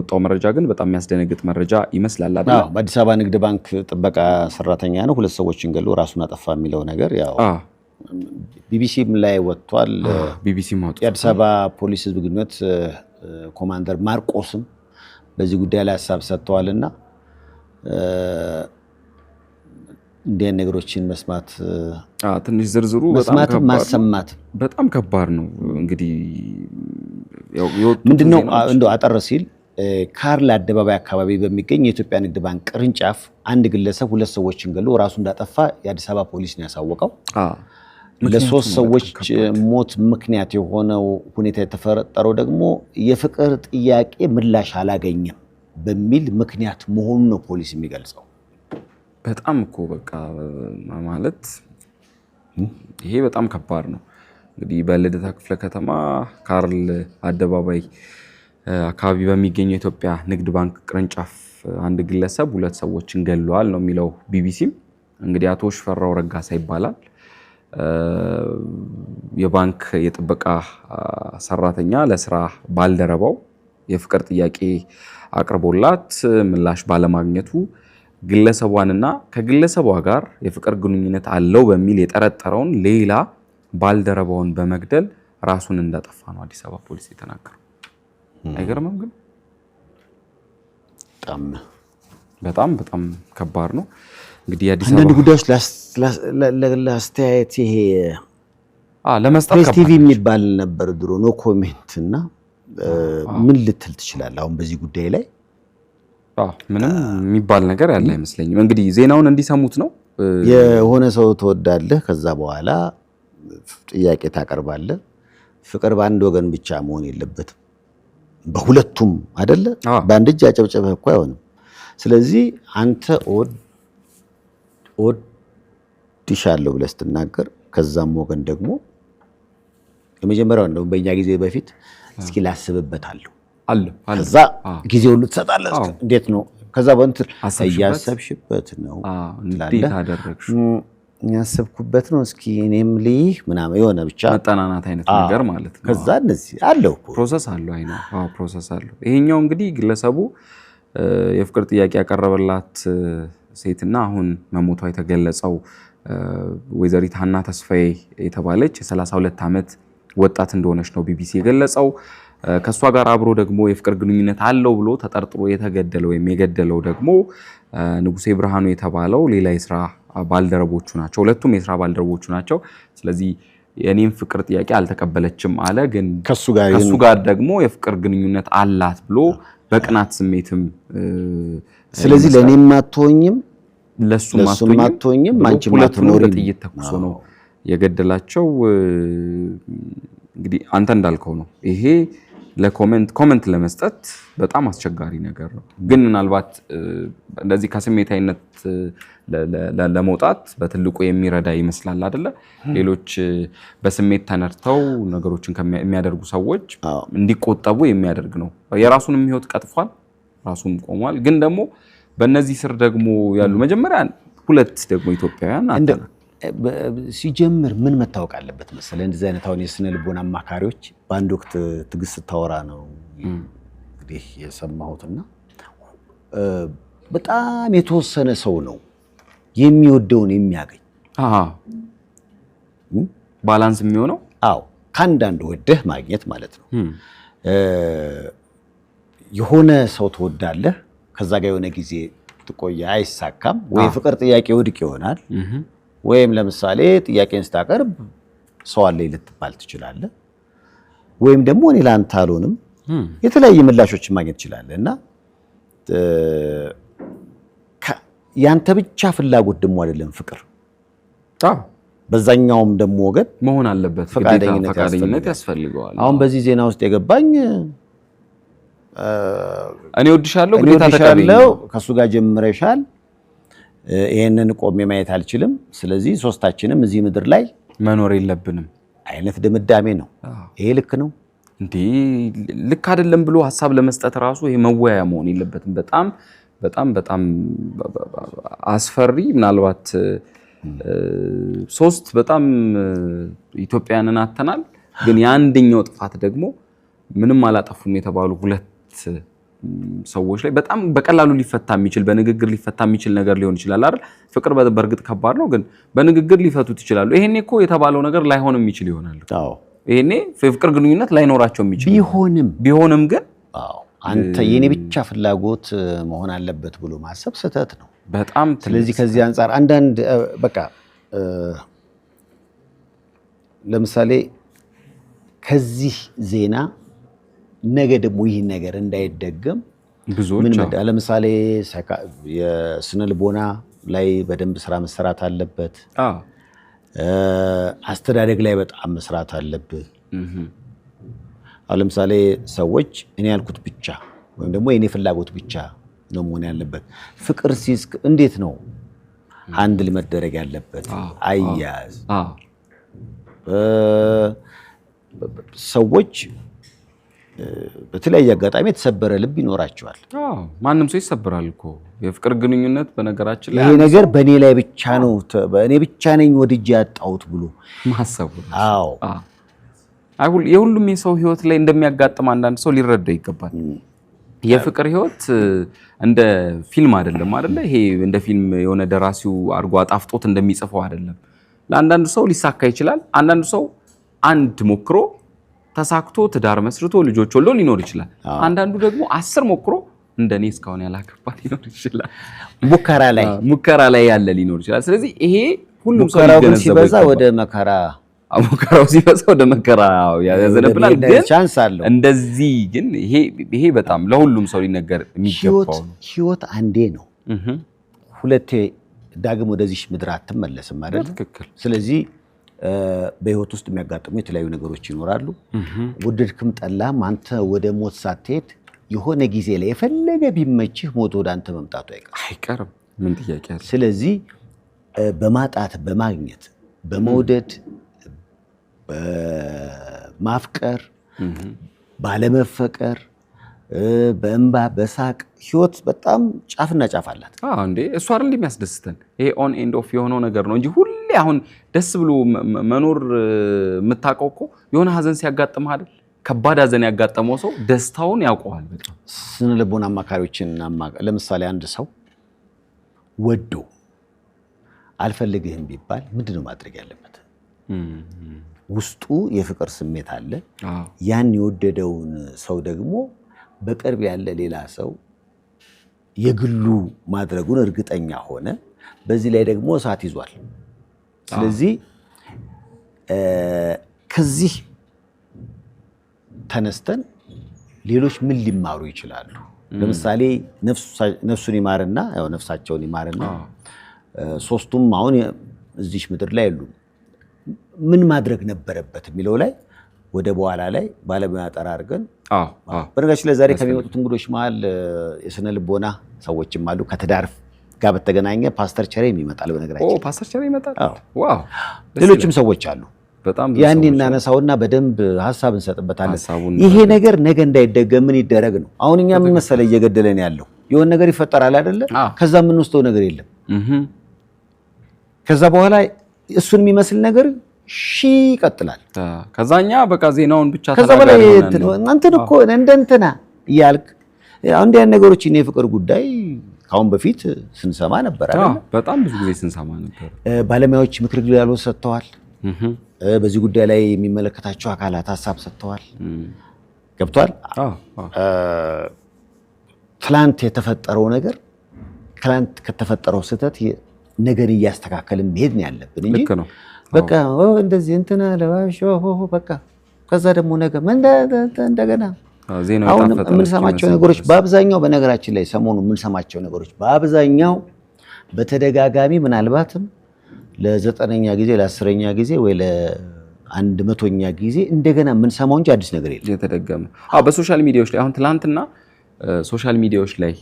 የወጣው መረጃ ግን በጣም የሚያስደነግጥ መረጃ ይመስላል። በአዲስ አበባ ንግድ ባንክ ጥበቃ ሰራተኛ ነው ሁለት ሰዎችን ገሎ ራሱን አጠፋ የሚለው ነገር ያው ቢቢሲም ላይ ወጥቷል። ቢቢሲ የአዲስ አበባ ፖሊስ ህዝብ ግንኙነት ኮማንደር ማርቆስም በዚህ ጉዳይ ላይ ሀሳብ ሰጥተዋልና እንዲህ ነገሮችን መስማት ትንሽ ዝርዝሩ መስማትም ማሰማት በጣም ከባድ ነው። እንግዲህ ምንድነው እንደው አጠር ሲል ካርል አደባባይ አካባቢ በሚገኝ የኢትዮጵያ ንግድ ባንክ ቅርንጫፍ አንድ ግለሰብ ሁለት ሰዎችን ገሎ ራሱ እንዳጠፋ የአዲስ አበባ ፖሊስ ነው ያሳወቀው። ለሶስት ሰዎች ሞት ምክንያት የሆነው ሁኔታ የተፈጠረው ደግሞ የፍቅር ጥያቄ ምላሽ አላገኘም በሚል ምክንያት መሆኑ ነው ፖሊስ የሚገልጸው። በጣም እኮ በቃ ማለት ይሄ በጣም ከባድ ነው። እንግዲህ በልደታ ክፍለ ከተማ ካርል አደባባይ አካባቢ በሚገኘው የኢትዮጵያ ንግድ ባንክ ቅርንጫፍ አንድ ግለሰብ ሁለት ሰዎችን ገሏል ነው የሚለው ቢቢሲም። እንግዲህ አቶ ሽፈራው ረጋሳ ይባላል የባንክ የጥበቃ ሰራተኛ ለስራ ባልደረባው የፍቅር ጥያቄ አቅርቦላት ምላሽ ባለማግኘቱ ግለሰቧንና ከግለሰቧ ጋር የፍቅር ግንኙነት አለው በሚል የጠረጠረውን ሌላ ባልደረባውን በመግደል ራሱን እንዳጠፋ ነው አዲስ አበባ ፖሊስ የተናገረው። አይገርምም? ግን በጣም በጣም ከባድ ነው። እንግዲህ የአዲስ አንዳንድ ጉዳዮች ለአስተያየት ይሄ ለመስጠት ቲቪ የሚባል ነበር ድሮ ኖ ኮሜንት እና ምን ልትል ትችላለህ አሁን በዚህ ጉዳይ ላይ? ምንም የሚባል ነገር ያለ አይመስለኝም። እንግዲህ ዜናውን እንዲሰሙት ነው። የሆነ ሰው ትወዳለህ፣ ከዛ በኋላ ጥያቄ ታቀርባለህ። ፍቅር በአንድ ወገን ብቻ መሆን የለበትም። በሁለቱም አይደለ? በአንድ እጅ አጨብጨበህ እኮ አይሆንም። ስለዚህ አንተ እወድሻለሁ ብለህ ስትናገር ከዛም ወገን ደግሞ የመጀመሪያው እንደውም በእኛ ጊዜ በፊት እስኪ ላስብበታለሁ ከዛ ጊዜ ሁሉ ትሰጣለህ። እንዴት ነው? ከዛ በእንትን እያሰብሽበት ነው። ያሰብኩበት ነው። እስኪ እኔም ልይህ ምናምን የሆነ ብቻ መጠናናት አይነት ነገር ማለት ነው። ከዛ እነዚህ አለው ፕሮሰስ አለው አይ ፕሮሰስ አለው። ይሄኛው እንግዲህ ግለሰቡ የፍቅር ጥያቄ ያቀረበላት ሴትና አሁን መሞቷ የተገለጸው ወይዘሪት ሀና ተስፋዬ የተባለች የ32 ዓመት ወጣት እንደሆነች ነው ቢቢሲ የገለጸው። ከእሷ ጋር አብሮ ደግሞ የፍቅር ግንኙነት አለው ብሎ ተጠርጥሮ የተገደለ ወይም የገደለው ደግሞ ንጉሴ ብርሃኑ የተባለው ሌላ የስራ ባልደረቦቹ ናቸው። ሁለቱም የስራ ባልደረቦቹ ናቸው። ስለዚህ የእኔም ፍቅር ጥያቄ አልተቀበለችም አለ። ግን ከሱ ጋር ደግሞ የፍቅር ግንኙነት አላት ብሎ በቅናት ስሜትም ስለዚህ ለእኔም አትሆኝም ለሱም አትሆኝም ሁለቱንም በጥይት ተኩሶ ነው የገደላቸው። እንግዲህ አንተ እንዳልከው ነው ይሄ ለኮመንት ኮመንት ለመስጠት በጣም አስቸጋሪ ነገር ነው። ግን ምናልባት እንደዚህ ከስሜታዊነት ለመውጣት በትልቁ የሚረዳ ይመስላል አደለ? ሌሎች በስሜት ተነድተው ነገሮችን የሚያደርጉ ሰዎች እንዲቆጠቡ የሚያደርግ ነው። የራሱንም ህይወት ቀጥፏል፣ ራሱም ቆሟል። ግን ደግሞ በእነዚህ ስር ደግሞ ያሉ መጀመሪያ ሁለት ደግሞ ኢትዮጵያውያን ሲጀምር ምን መታወቅ አለበት መሰለህ፣ እንደዚህ አይነት አሁን የስነ ልቦና አማካሪዎች በአንድ ወቅት ትዕግስት ስታወራ ነው እንግዲህ የሰማሁትና በጣም የተወሰነ ሰው ነው የሚወደውን የሚያገኝ ባላንስ የሚሆነው። አዎ ከአንዳንድ ወደህ ማግኘት ማለት ነው። የሆነ ሰው ትወዳለህ፣ ከዛ ጋር የሆነ ጊዜ ቆያ አይሳካም፣ ወይ ፍቅር ጥያቄ ውድቅ ይሆናል ወይም ለምሳሌ ጥያቄን ስታቀርብ ሰው አለኝ ልትባል ትችላለህ። ወይም ደግሞ እኔ ለአንተ አልሆንም የተለያየ ምላሾችን ማግኘት ትችላለህ እና ያንተ ብቻ ፍላጎት ደግሞ አይደለም ፍቅር በዛኛውም ደግሞ ወገን መሆን አለበት፣ ፈቃደኝነት ያስፈልገዋል። አሁን በዚህ ዜና ውስጥ የገባኝ እኔ ወድሻለሁ፣ ከእሱ ጋር ጀምረሻል ይህንን ቆሜ ማየት አልችልም። ስለዚህ ሶስታችንም እዚህ ምድር ላይ መኖር የለብንም አይነት ድምዳሜ ነው። ይሄ ልክ ነው እንዴ? ልክ አይደለም ብሎ ሀሳብ ለመስጠት ራሱ ይሄ መወያያ መሆን የለበትም። በጣም በጣም በጣም አስፈሪ ምናልባት ሶስት በጣም ኢትዮጵያንን አተናል። ግን የአንደኛው ጥፋት ደግሞ ምንም አላጠፉም የተባሉ ሁለት ሰዎች ላይ በጣም በቀላሉ ሊፈታ የሚችል በንግግር ሊፈታ የሚችል ነገር ሊሆን ይችላል አይደል? ፍቅር በእርግጥ ከባድ ነው፣ ግን በንግግር ሊፈቱት ይችላሉ። ይሄኔ እኮ የተባለው ነገር ላይሆን የሚችል ይሆናል። ይሄኔ ፍቅር ግንኙነት ላይኖራቸው የሚችል ቢሆንም ቢሆንም ግን አንተ የኔ ብቻ ፍላጎት መሆን አለበት ብሎ ማሰብ ስህተት ነው በጣም። ስለዚህ ከዚህ አንጻር አንዳንድ በቃ ለምሳሌ ከዚህ ዜና ነገ ደግሞ ይህ ነገር እንዳይደገም ለምሳሌ የስነ ልቦና ላይ በደንብ ስራ መሰራት አለበት። አስተዳደግ ላይ በጣም መስራት አለብህ። ለምሳሌ ሰዎች እኔ ያልኩት ብቻ ወይም ደግሞ የእኔ ፍላጎት ብቻ ነው መሆን ያለበት። ፍቅር ሲስክ እንዴት ነው አንድል መደረግ ያለበት አያያዝ ሰዎች በተለያየ አጋጣሚ የተሰበረ ልብ ይኖራቸዋል። ማንም ሰው ይሰበራል እኮ የፍቅር ግንኙነት። በነገራችን ላይ ይሄ ነገር በእኔ ላይ ብቻ ነው፣ በእኔ ብቻ ነኝ ወድጄ ያጣሁት ብሎ ማሰቡ። አዎ የሁሉም የሰው ህይወት ላይ እንደሚያጋጥም አንዳንድ ሰው ሊረዳ ይገባል። የፍቅር ህይወት እንደ ፊልም አይደለም አይደለ? ይሄ እንደ ፊልም የሆነ ደራሲው አድርጎ አጣፍጦት እንደሚጽፈው አይደለም። ለአንዳንድ ሰው ሊሳካ ይችላል። አንዳንድ ሰው አንድ ሞክሮ ተሳክቶ ትዳር መስርቶ ልጆች ወልዶ ሊኖር ይችላል። አንዳንዱ ደግሞ አስር ሞክሮ እንደኔ እስካሁን ያላገባ ሊኖር ይችላል። ሙከራ ላይ ሙከራ ላይ ያለ ሊኖር ይችላል። ስለዚህ ይሄ ሁሉም ሰው ሲበዛ ወደ መከራ ሙከራው ሲበዛ ወደ መከራ ያዘነብላል። ግን ቻንስ አለው እንደዚህ ግን ይሄ በጣም ለሁሉም ሰው ሊነገር የሚገባው ህይወት አንዴ ነው። ሁለቴ ዳግም ወደዚህ ምድር አትመለስም አይደል? ስለዚህ በህይወት ውስጥ የሚያጋጥሙ የተለያዩ ነገሮች ይኖራሉ። ወደድክም ጠላም አንተ ወደ ሞት ሳትሄድ የሆነ ጊዜ ላይ የፈለገ ቢመችህ ሞት ወደ አንተ መምጣቱ አይቀርም። ምን ጥያቄ ስለዚህ በማጣት በማግኘት በመውደድ በማፍቀር ባለመፈቀር በእንባ በሳቅ ህይወት በጣም ጫፍና ጫፍ አላት እንዴ! እሷ አይደል የሚያስደስተን? ይሄ ኦን ኤንድ ኦፍ የሆነው ነገር ነው እንጂ ሁሉ ሁሌ አሁን ደስ ብሎ መኖር የምታውቀው እኮ የሆነ ሀዘን ሲያጋጥምህ አይደል? ከባድ ሀዘን ያጋጠመው ሰው ደስታውን ያውቀዋል። በጣም ስነ አማካሪዎችን ለምሳሌ አንድ ሰው ወዶ አልፈልግህም ቢባል ምንድነው ማድረግ ያለበት? ውስጡ የፍቅር ስሜት አለ። ያን የወደደውን ሰው ደግሞ በቅርብ ያለ ሌላ ሰው የግሉ ማድረጉን እርግጠኛ ሆነ። በዚህ ላይ ደግሞ እሳት ይዟል። ስለዚህ ከዚህ ተነስተን ሌሎች ምን ሊማሩ ይችላሉ? ለምሳሌ ነፍሱን ይማርና ነፍሳቸውን ይማርና ሶስቱም አሁን እዚች ምድር ላይ የሉም። ምን ማድረግ ነበረበት የሚለው ላይ ወደ በኋላ ላይ ባለሙያ ጠራ በነገራችን ላይ ዛሬ ከሚመጡት እንግዶች መሀል የስነ ልቦና ሰዎችም አሉ ከትዳር ጋር በተገናኘ ፓስተር ቸሬም ይመጣል። በነገራችን ፓስተር ቸሬ ይመጣል። ሌሎችም ሰዎች አሉ። ያን እናነሳውና በደንብ ሀሳብ እንሰጥበታለን። ይሄ ነገር ነገ እንዳይደገም ምን ይደረግ ነው። አሁን እኛ ምን መሰለ እየገደለን ያለው የሆነ ነገር ይፈጠራል አይደለ? ከዛ የምንወስደው ነገር የለም። ከዛ በኋላ እሱን የሚመስል ነገር ሺ ይቀጥላል። ከዛኛ በቃ ዜናውን ብቻ ከዛ በላይ እንትን እኮ እንደ እንትና እያልክ አንድ ያን ነገሮች የፍቅር ጉዳይ ከአሁን በፊት ስንሰማ ነበር በጣም ብዙ ጊዜ ስንሰማ ነበር። ባለሙያዎች ምክር ግልጋሎት ሰጥተዋል። በዚህ ጉዳይ ላይ የሚመለከታቸው አካላት ሀሳብ ሰጥተዋል። ገብቷል። ትላንት የተፈጠረው ነገር ትላንት ከተፈጠረው ስህተት ነገን እያስተካከልን መሄድ ነው ያለብን እንጂ በቃ እንደዚህ እንትና ለባሽ በቃ ከዛ ደግሞ ነገ እንደገና አሁን የምንሰማቸው ነገሮች በአብዛኛው በነገራችን ላይ ሰሞኑ የምንሰማቸው ነገሮች በአብዛኛው በተደጋጋሚ ምናልባትም ለዘጠነኛ ጊዜ ለአስረኛ ጊዜ ወይ ለአንድ መቶኛ ጊዜ እንደገና የምንሰማው እንጂ አዲስ ነገር የለም። የተደገመ በሶሻል ሚዲያዎች ላይ አሁን ትላንትና ሶሻል ሚዲያዎች ላይ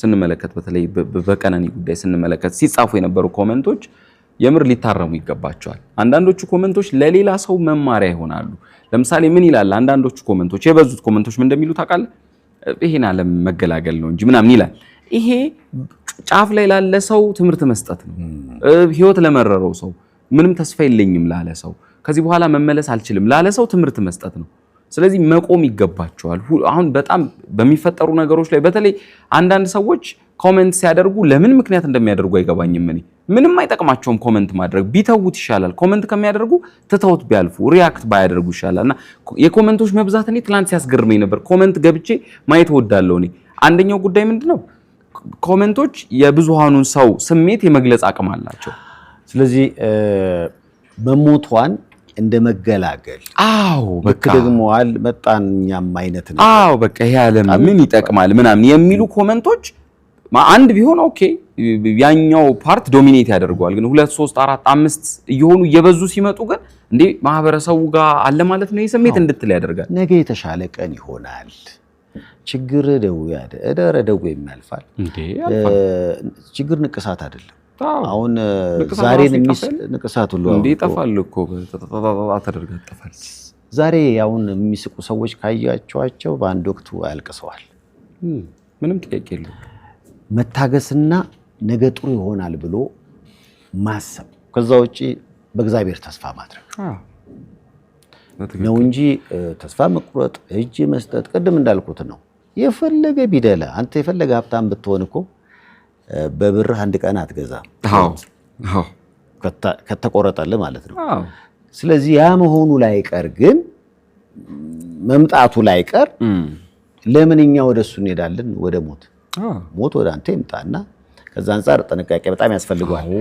ስንመለከት በተለይ በቀነኒ ጉዳይ ስንመለከት ሲጻፉ የነበሩ ኮመንቶች የምር ሊታረሙ ይገባቸዋል። አንዳንዶቹ ኮመንቶች ለሌላ ሰው መማሪያ ይሆናሉ። ለምሳሌ ምን ይላል? አንዳንዶቹ ኮመንቶች የበዙት ኮመንቶች ምን እንደሚሉ ታውቃለህ? ይሄን ዓለም መገላገል ነው እንጂ ምናምን ይላል። ይሄ ጫፍ ላይ ላለ ሰው ትምህርት መስጠት ነው። ህይወት ለመረረው ሰው፣ ምንም ተስፋ የለኝም ላለ ሰው፣ ከዚህ በኋላ መመለስ አልችልም ላለ ሰው ትምህርት መስጠት ነው። ስለዚህ መቆም ይገባቸዋል። አሁን በጣም በሚፈጠሩ ነገሮች ላይ በተለይ አንዳንድ ሰዎች ኮመንት ሲያደርጉ ለምን ምክንያት እንደሚያደርጉ አይገባኝም እኔ ምንም አይጠቅማቸውም ኮመንት ማድረግ። ቢተውት ይሻላል። ኮመንት ከሚያደርጉ ትተውት ቢያልፉ ሪያክት ባያደርጉ ይሻላል። እና የኮመንቶች መብዛት እኔ ትላንት ሲያስገርመኝ ነበር። ኮመንት ገብቼ ማየት እወዳለሁ። እኔ አንደኛው ጉዳይ ምንድን ነው ኮመንቶች የብዙሃኑን ሰው ስሜት የመግለጽ አቅም አላቸው። ስለዚህ መሞቷን እንደ መገላገል አዎ፣ በቃ ደግሞ አልመጣኛም አይነት ነው። አዎ፣ በቃ ይሄ ዓለም ምን ይጠቅማል ምናምን የሚሉ ኮመንቶች አንድ ቢሆን ኦኬ ያኛው ፓርት ዶሚኔት ያደርገዋል። ግን ሁለት ሶስት አራት አምስት እየሆኑ እየበዙ ሲመጡ ግን እንዴ ማህበረሰቡ ጋር አለ ማለት ነው። ይህ እንድትል ያደርጋል። ነገ የተሻለ ቀን ይሆናል። ችግር ደው ያደ እደረ ደው የሚያልፋል። ችግር ንቅሳት አይደለም። አሁን ዛሬን ንቅሳት ሁሉ እንዴ ይጠፋል እኮ ተደርጋ ይጠፋል። ዛሬ አሁን የሚስቁ ሰዎች ካያቸዋቸው በአንድ ወቅቱ አልቅሰዋል። ምንም ጥያቄ የለም። መታገስና ነገ ጥሩ ይሆናል ብሎ ማሰብ ከዛ ውጭ በእግዚአብሔር ተስፋ ማድረግ ነው እንጂ ተስፋ መቁረጥ፣ እጅ መስጠት ቅድም እንዳልኩት ነው። የፈለገ ቢደለ አንተ የፈለገ ሀብታም ብትሆን እኮ በብርህ አንድ ቀን አትገዛም፣ ከተቆረጠልህ ማለት ነው። ስለዚህ ያ መሆኑ ላይቀር ግን መምጣቱ ላይቀር ለምን እኛ ወደ እሱ እንሄዳለን? ወደ ሞት ሞት ወደ አንተ ይምጣና ከዛ አንጻር ጥንቃቄ በጣም ያስፈልገዋል።